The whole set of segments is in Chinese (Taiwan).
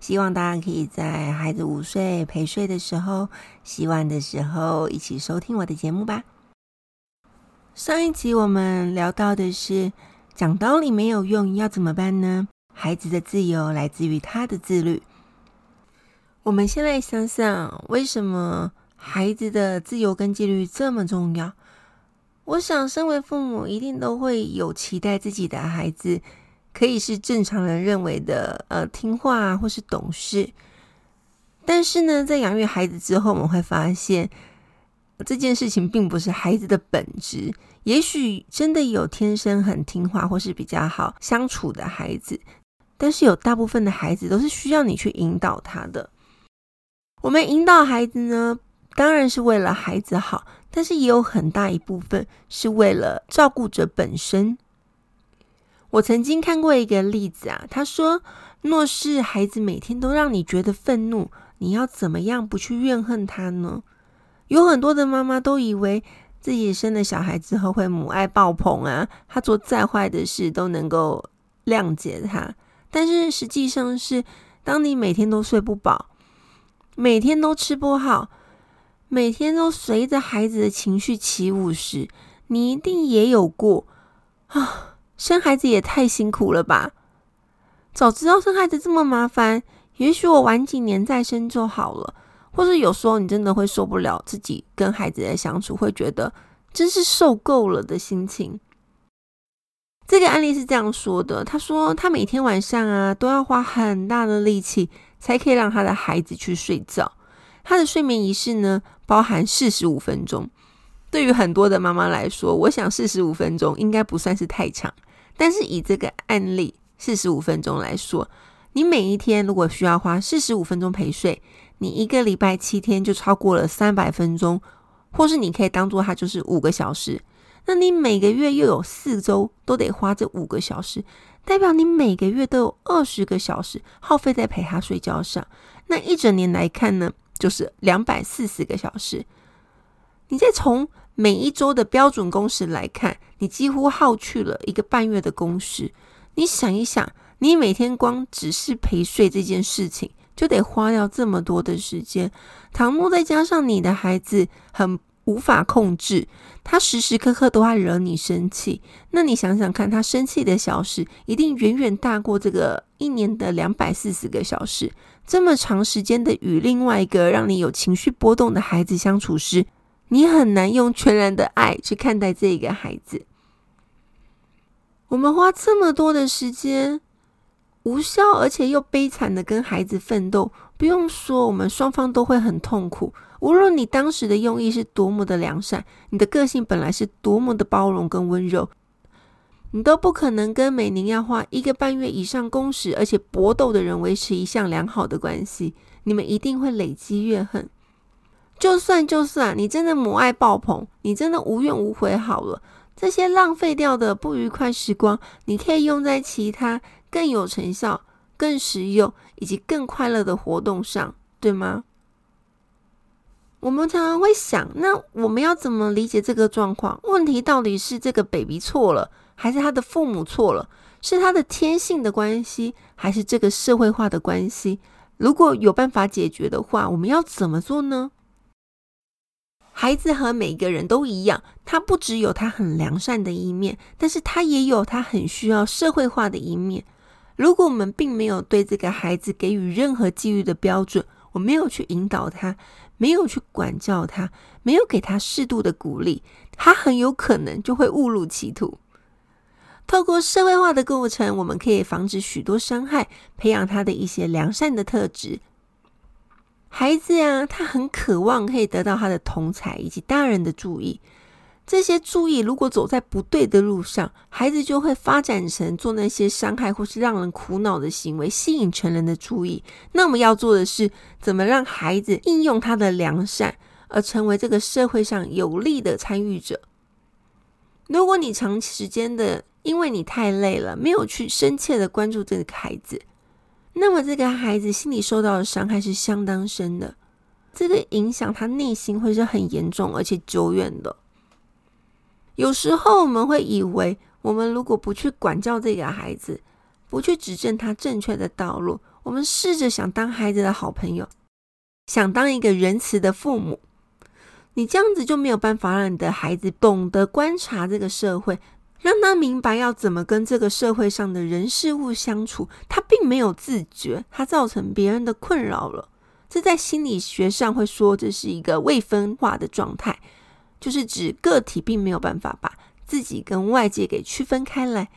希望大家可以在孩子午睡、陪睡的時候、洗碗的時候，一起收聽我的節目吧。上一集我們聊到的是講道理沒有用，要怎麼辦呢？孩子的自由來自於他的自律。我們先來想想，為什麼孩子的自由跟紀律這麼重要？我想，身為父母一定都會有期待自己的孩子。可以是正常人認為的，呃，聽話啊，或是懂事。但是呢，在養育孩子之後，我們會發現這件事情並不是孩子的本質。也許真的有天生很聽話或是比較好相處的孩子，但是有大部分的孩子都是需要你去引導他的。我們引導孩子呢，當然是為了孩子好，但是也有很大一部分是為了照顧者本身。我曾經看過一個例子啊，他說：“若是孩子每天都讓你覺得憤怒，你要怎麼樣不去怨恨他呢？”有很多的媽媽都以為自己生了小孩之後會母愛爆棚啊，他做再壞的事都能夠諒解他。但是實際上是，當你每天都睡不飽，每天都吃不好，每天都隨着孩子的情緒起舞時，你一定也有過啊。生孩子也太辛苦了吧！早知道生孩子這麼麻煩，也許我晚幾年再生就好了。或是有時候你真的會受不了自己跟孩子的相處，會覺得真是受夠了的心情。這個案例是這樣說的：他說他每天晚上啊，都要花很大的力氣，才可以讓他的孩子去睡覺。他的睡眠儀式呢，包含四十五分鐘。對於很多的媽媽來說，我想四十五分鐘應該不算是太長。但是以這個案例四十五分鐘來說，你每一天如果需要花四十五分鐘陪睡，你一個禮拜七天就超過了三百分鐘，或是你可以當做它就是五個小時。那你每個月又有四周都得花這五個小時，代表你每個月都有二十個小時耗費在陪他睡覺上。那一整年來看呢，就是兩百四十個小時。你再從每一周的標準工時來看。你幾乎耗去了一個半月的工時，你想一想，你每天光只是陪睡這件事情，就得花掉這麼多的時間。倘若再加上你的孩子很無法控制，他時時刻刻都在惹你生氣。那你想想看，他生氣的小時一定遠遠大過這個一年的兩百四十個小時。這麼長時間的與另外一個讓你有情緒波動的孩子相處時，你很難用全然的愛去看待這個孩子。我們花這麼多的時間無效，而且又悲慘的跟孩子奮鬥，不用說，我們雙方都會很痛苦。無論你當時的用意是多麼的良善，你的個性本來是多麼的包容跟溫柔，你都不可能跟美寧要花一個半月以上工時，而且搏鬥的人維持一項良好的關係。你們一定會累積怨恨。就算就算啊，你真的母愛爆棚，你真的無怨無悔好了。這些浪費掉的不愉快時光，你可以用在其他更有成效、更實用以及更快樂的活動上，對嗎？我們常常會想，那我們要怎麼理解這個狀況？問題到底是這個 baby 錯了，還是他的父母錯了？是他的天性的關係，還是這個社會化的關係？如果有辦法解決的話，我們要怎麼做呢？孩子和每個人都一樣，他不只有他很良善的一面，但是他也有他很需要社會化的一面。如果我們並沒有對這個孩子給予任何紀律的標準，我沒有去引導他，沒有去管教他，沒有給他適度的鼓勵，他很有可能就會誤入歧途。透過社會化的過程，我們可以防止許多傷害，培養他的一些良善的特質。孩子呀、啊，他很渴望可以得到他的同儕以及大人的注意。這些注意如果走在不對的路上，孩子就會發展成做那些傷害或是讓人苦惱的行為，吸引成人的注意。那麼要做的是，怎麼讓孩子應用他的良善，而成為這個社會上有力的參與者？如果你長時間的，因為你太累了，沒有去深切的關注這個孩子。那麼，這個孩子心裡受到的傷害是相當深的，這個影響他內心會是很嚴重而且久遠的。有時候我們會以為，我們如果不去管教這個孩子，不去指正他正確的道路，我們試着想當孩子的好朋友，想當一個仁慈的父母，你這樣子就沒有辦法讓你的孩子懂得觀察這個社會。讓他明白要怎麼跟這個社會上的人事物相處，他並沒有自覺，他造成別人的困擾了。這在心理學上會說這是一個未分化的狀態，就是指個體並沒有辦法把自己跟外界給區分開來。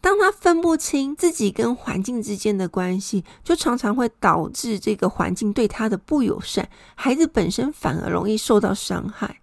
當他分不清自己跟環境之間的關係，就常常會導致這個環境對他的不友善，孩子本身反而容易受到傷害。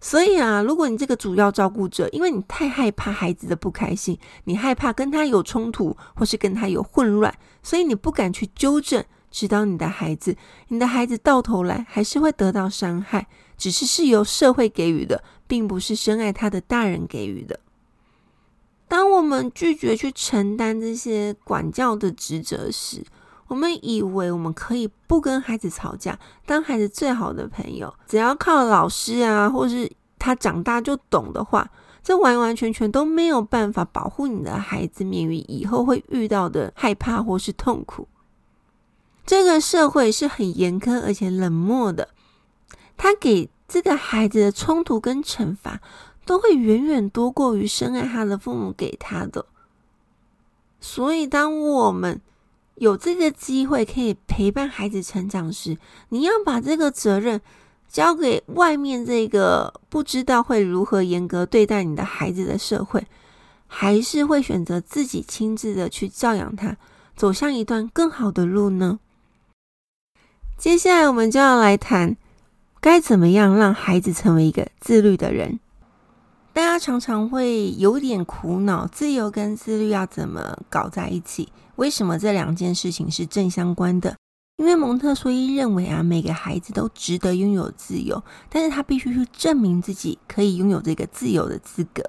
所以啊，如果你這個主要照顧者，因為你太害怕孩子的不開心，你害怕跟他有衝突，或是跟他有混亂，所以你不敢去糾正，直到你的孩子，你的孩子到頭來還是會得到傷害，只是是由社會給予的，並不是深愛他的大人給予的。當我們拒絕去承擔這些管教的職責時，我們以為我們可以不跟孩子吵架，當孩子最好的朋友，只要靠老師啊，或是他長大就懂的話，這完完全全都沒有辦法保護你的孩子免於以後會遇到的害怕或是痛苦。這個社會是很嚴苛而且冷漠的，他給這個孩子的衝突跟懲罰都會遠遠多過於深愛他的父母給他的。所以，當我們有這個機會可以陪伴孩子成長時，你要把這個責任交給外面這個不知道會如何嚴格對待你的孩子的社會，還是會選擇自己親自的去教養他，走向一段更好的路呢？接下來我們就要來談，該怎麼樣讓孩子成為一個自律的人。大家常常會有點苦惱，自由跟自律要怎麼搞在一起？為什麼這兩件事情是正相關的？因為蒙特梭利認為啊，每個孩子都值得擁有自由，但是他必須去證明自己可以擁有這個自由的資格。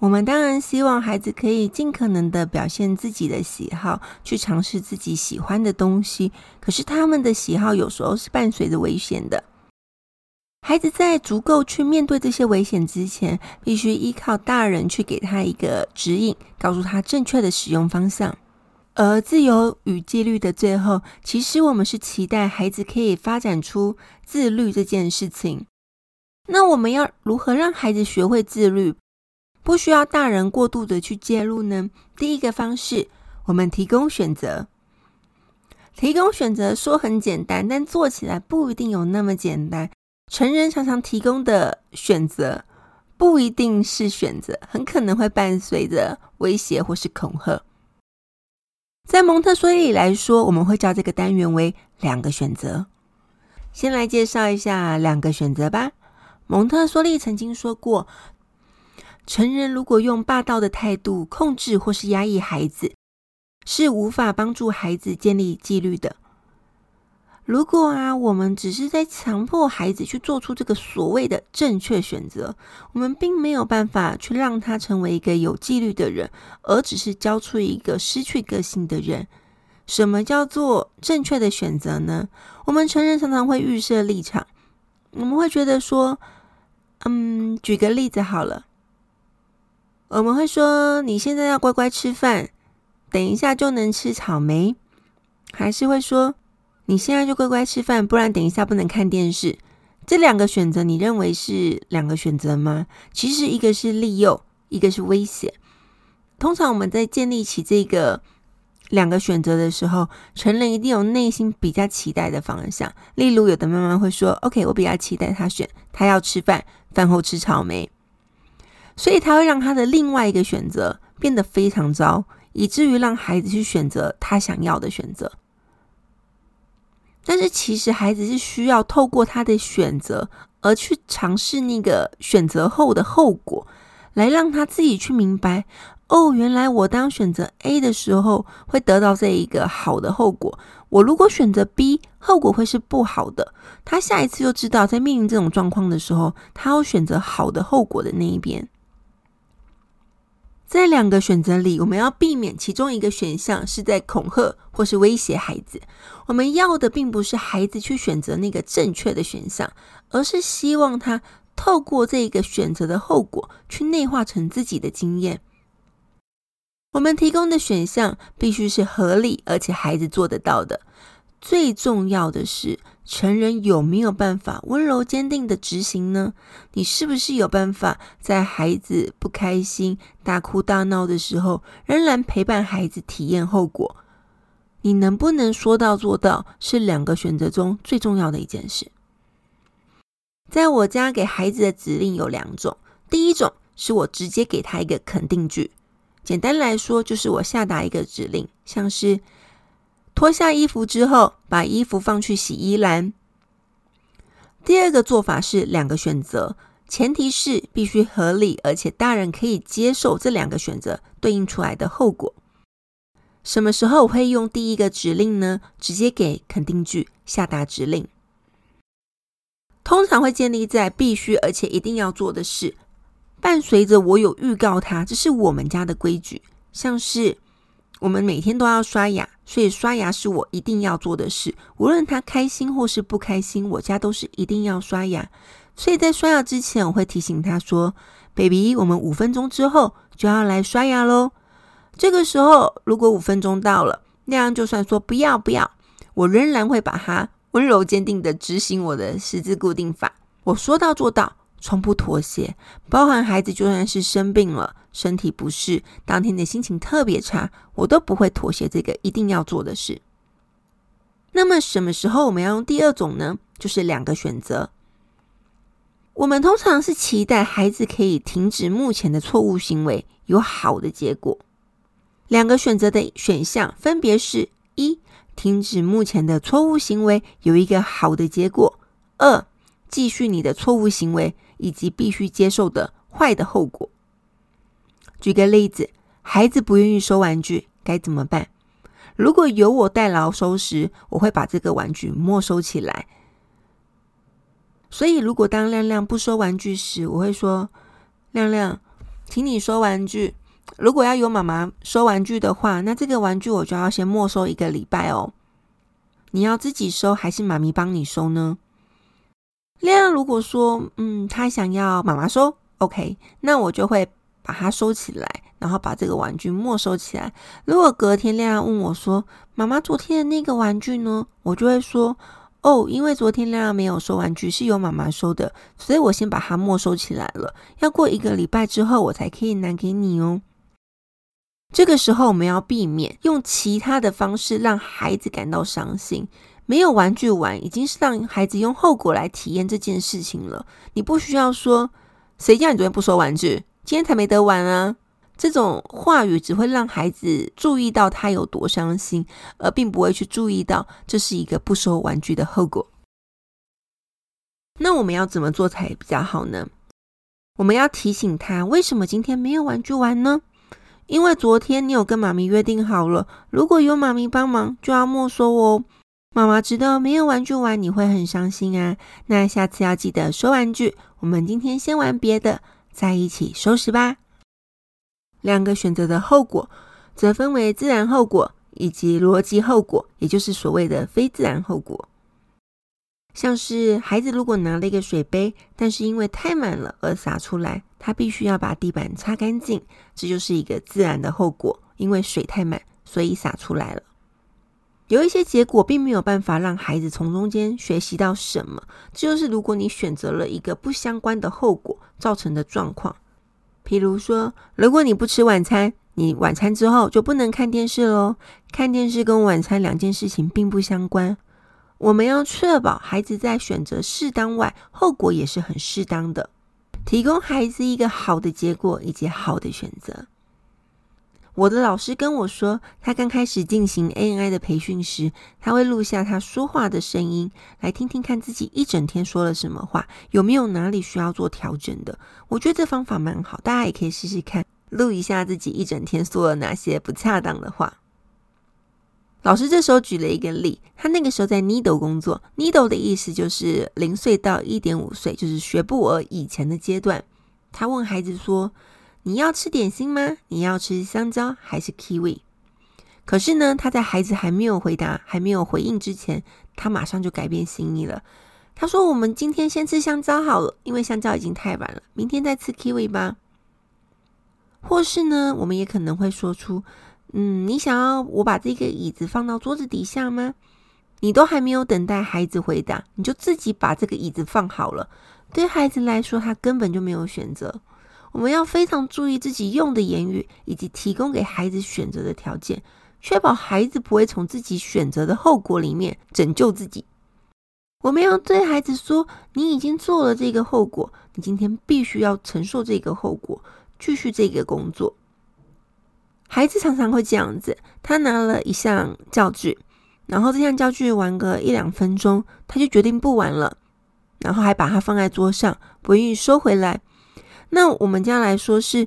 我們當然希望孩子可以盡可能的表現自己的喜好，去嘗試自己喜歡的東西，可是他們的喜好有時候是伴隨着危險的。孩子在足夠去面對這些危險之前，必須依靠大人去給他一個指引，告訴他正確的使用方向。而自由與紀律的最後，其實我們是期待孩子可以發展出自律這件事情。那我們要如何讓孩子學會自律，不需要大人過度的去介入呢？第一個方式，我們提供選擇。提供選擇說很簡單，但做起來不一定有那麼簡單。成人常常提供的選擇，不一定是選擇，很可能會伴隨着威脅或是恐嚇。在蒙特梭利來說，我們會叫這個單元為“兩個選擇”。先來介紹一下“兩個選擇”吧。蒙特梭利曾經說過，成人如果用霸道的態度控制或是壓抑孩子，是無法幫助孩子建立紀律的。如果啊，我們只是在強迫孩子去做出這個所謂的正確選擇，我們並沒有辦法去讓他成為一個有紀律的人，而只是教出一個失去個性的人。什麼叫做正確的選擇呢？我們成人常常會預設立場，我們會覺得說，嗯，舉個例子好了，我們會說你現在要乖乖吃飯，等一下就能吃草莓，還是會說。你現在就乖乖吃飯，不然等一下不能看電視。這兩個選擇，你認為是兩個選擇嗎？其實一個是利誘，一個是威脅。通常我們在建立起這個兩個選擇的時候，成人一定有內心比較期待的方向。例如，有的媽媽會說：“OK，我比較期待他選，他要吃飯，飯後吃草莓。”所以，他會讓他的另外一個選擇變得非常糟，以至於讓孩子去選擇他想要的選擇。但是其實孩子是需要透過他的選擇，而去嘗試那個選擇後的後果，來讓他自己去明白，哦，原來我當選擇 A 的時候會得到這一個好的後果，我如果選擇 B，後果會是不好的。他下一次就知道，在面臨這種狀況的時候，他要選擇好的後果的那一邊。在兩個選擇裡，我們要避免其中一個選項是在恐嚇或是威脅孩子。我們要的並不是孩子去選擇那個正確的選項，而是希望他透過這個選擇的後果去內化成自己的經驗。我們提供的選項必須是合理，而且孩子做得到的。最重要的是。成人有沒有辦法溫柔堅定的執行呢？你是不是有辦法在孩子不開心、大哭大鬧的時候，仍然陪伴孩子體驗後果？你能不能說到做到，是兩個選擇中最重要的一件事。在我家給孩子的指令有兩種，第一種是我直接給他一個肯定句，簡單來說就是我下達一個指令，像是。脫下衣服之後，把衣服放去洗衣籃。第二個做法是兩個選擇，前提是必須合理，而且大人可以接受這兩個選擇對應出來的後果。什麼時候會用第一個指令呢？直接給肯定句下達指令，通常會建立在必須而且一定要做的事，伴隨着我有預告他，這是我們家的規矩，像是。我們每天都要刷牙，所以刷牙是我一定要做的事。無論他開心或是不開心，我家都是一定要刷牙。所以在刷牙之前，我會提醒他說：“Baby，我們五分鐘之後就要來刷牙嘍。”這個時候，如果五分鐘到了，那樣就算說不要不要，我仍然會把他溫柔堅定的執行我的十字固定法。我說到做到。從不妥協，包含孩子，就算是生病了、身體不適、當天的心情特別差，我都不會妥協，這個一定要做的事。那麼什麼時候我們要用第二種呢？就是兩個選擇。我們通常是期待孩子可以停止目前的錯誤行為，有好的結果。兩個選擇的選項分別是：一、停止目前的錯誤行為，有一個好的結果；二、繼續你的錯誤行為，以及必須接受的壞的後果。舉個例子，孩子不願意收玩具，該怎麼辦？如果由我代勞收拾，我會把這個玩具沒收起來。所以，如果當亮亮不收玩具時，我會說：“亮亮，請你收玩具。如果要由媽媽收玩具的話，那這個玩具我就要先沒收一個禮拜哦。你要自己收，還是媽咪幫你收呢？”亮亮如果說，嗯，他想要媽媽收，OK，那我就會把它收起來，然後把這個玩具沒收起來。如果隔天亮亮問我說，媽媽昨天的那個玩具呢？我就會說，哦，因為昨天亮亮沒有收玩具，是由媽媽收的，所以我先把它沒收起來了。要過一個禮拜之後，我才可以拿給你哦。這個時候，我們要避免用其他的方式讓孩子感到傷心。沒有玩具玩，已經是讓孩子用後果來體驗這件事情了。你不需要說“誰叫你昨天不收玩具，今天才沒得玩啊”這種話語只會讓孩子注意到他有多傷心，而並不會去注意到這是一個不收玩具的後果。那我們要怎麼做才比較好呢？我們要提醒他為什麼今天沒有玩具玩呢？因為昨天你有跟媽咪約定好了，如果有媽咪幫忙就要沒收哦。媽媽知道沒有玩具玩你會很傷心啊，那下次要記得收玩具。我們今天先玩別的，再一起收拾吧。兩個選擇的後果則分為自然後果以及邏輯後果，也就是所謂的非自然後果。像是孩子如果拿了一個水杯，但是因為太滿了而灑出來，他必須要把地板擦乾淨，這就是一個自然的後果，因為水太滿，所以灑出來了。有一些結果並沒有辦法讓孩子從中間學習到什麼，這就是如果你選擇了一個不相關的後果造成的狀況。譬如說，如果你不吃晚餐，你晚餐之後就不能看電視嘍。看電視跟晚餐兩件事情並不相關。我們要確保孩子在選擇適當外，後果也是很適當的，提供孩子一個好的結果以及好的選擇。我的老師跟我說，他剛開始進行 AMI 的培訓時，他會錄下他說話的聲音，來聽聽看自己一整天說了什麼話，有沒有哪裡需要做調整的。我覺得這方法蠻好，大家也可以試試看，錄一下自己一整天說了哪些不恰當的話。老師這時候舉了一個例，他那個時候在 Nido 工作，Nido 的意思就是零歲到一點五歲，就是學步兒以前的階段。他問孩子說。你要吃點心嗎？你要吃香蕉還是 kiwi？可是呢，他在孩子還沒有回答、還沒有回應之前，他馬上就改變心意了。他說：“我們今天先吃香蕉好了，因為香蕉已經太晚了，明天再吃 kiwi 吧。”或是呢，我們也可能會說出：“嗯，你想要我把這個椅子放到桌子底下嗎？”你都還沒有等待孩子回答，你就自己把這個椅子放好了。對孩子來說，他根本就沒有選擇。我們要非常注意自己用的言語，以及提供給孩子選擇的條件，確保孩子不會從自己選擇的後果裡面拯救自己。我們要對孩子說：“你已經做了這個後果，你今天必須要承受這個後果，繼續這個工作。”孩子常常會這樣子，他拿了一項教具，然後這項教具玩個一兩分鐘，他就決定不玩了，然後還把它放在桌上，不願意收回來。那我們將來說是，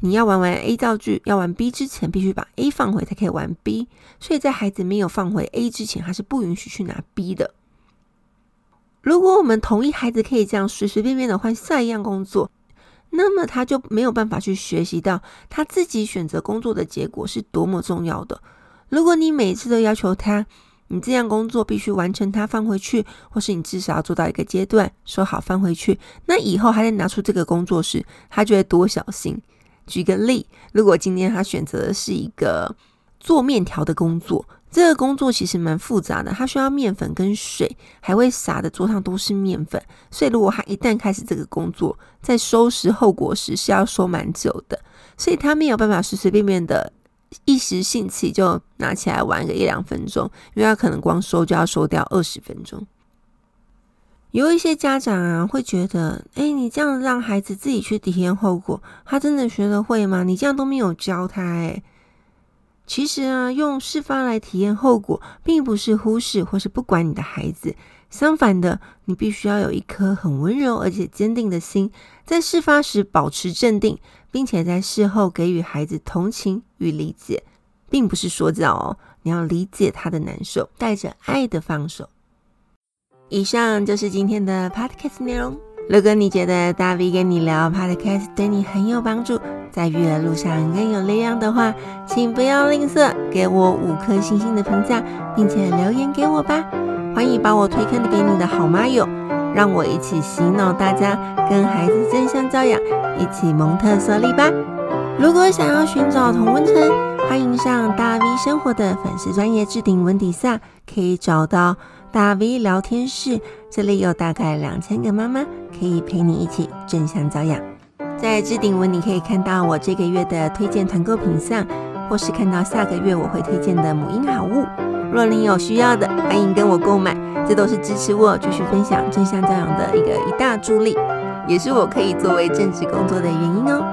你要玩完 A 道具，要玩 B 之前，必須把 A 放回才可以玩 B。所以在孩子沒有放回 A 之前，他是不允許去拿 B 的。如果我們同意孩子可以這樣隨隨便便的換下一樣工作，那麼他就沒有辦法去學習到他自己選擇工作的結果是多麼重要的。如果你每次都要求他，你這項工作必須完成，它放回去，或是你至少要做到一個階段，收好放回去。那以後還得拿出這個工作時，他就會多小心。舉個例，如果今天他選擇的是一個做麵條的工作，這個工作其實蠻複雜的，他需要麵粉跟水，還會撒的，桌上都是麵粉。所以如果他一旦開始這個工作，在收拾後果時是要收蠻久的，所以他沒有辦法隨隨便便的。一時興起就拿起來玩個一兩分鐘，因為他可能光收就要收掉二十分鐘。有一些家長啊會覺得，哎，你這樣讓孩子自己去體驗後果，他真的學得會嗎？你這樣都沒有教他哎。其實啊，用事發來體驗後果，並不是忽視或是不管你的孩子。相反的，你必須要有一顆很溫柔而且堅定的心，在事發時保持鎮定。並且在事後給予孩子同情與理解，並不是說教哦，你要理解他的難受，帶着愛的放手。以上就是今天的 podcast 內容。如果你覺得大 V 跟你聊 podcast 對你很有幫助，在育兒路上更有力量的話，請不要吝嗇，給我五顆星星的評價，並且留言給我吧。歡迎把我推薦給你的好媽友。讓我一起洗腦大家跟孩子正向教養，一起蒙特梭利吧！如果想要尋找同溫層，歡迎上大 V 生活的粉絲專頁置頂文底下，可以找到大 V 聊天室，這裡有大概兩千個媽媽可以陪你一起正向教養。在置頂文裡可以看到我這個月的推薦團購品項，或是看到下個月我會推薦的母嬰好物。若您有需要的，歡迎跟我購買，這都是支持我繼續分享正向教養的一個一大助力，也是我可以作為正職工作的原因哦。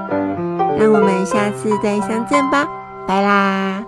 那我們下次再相見吧，拜啦！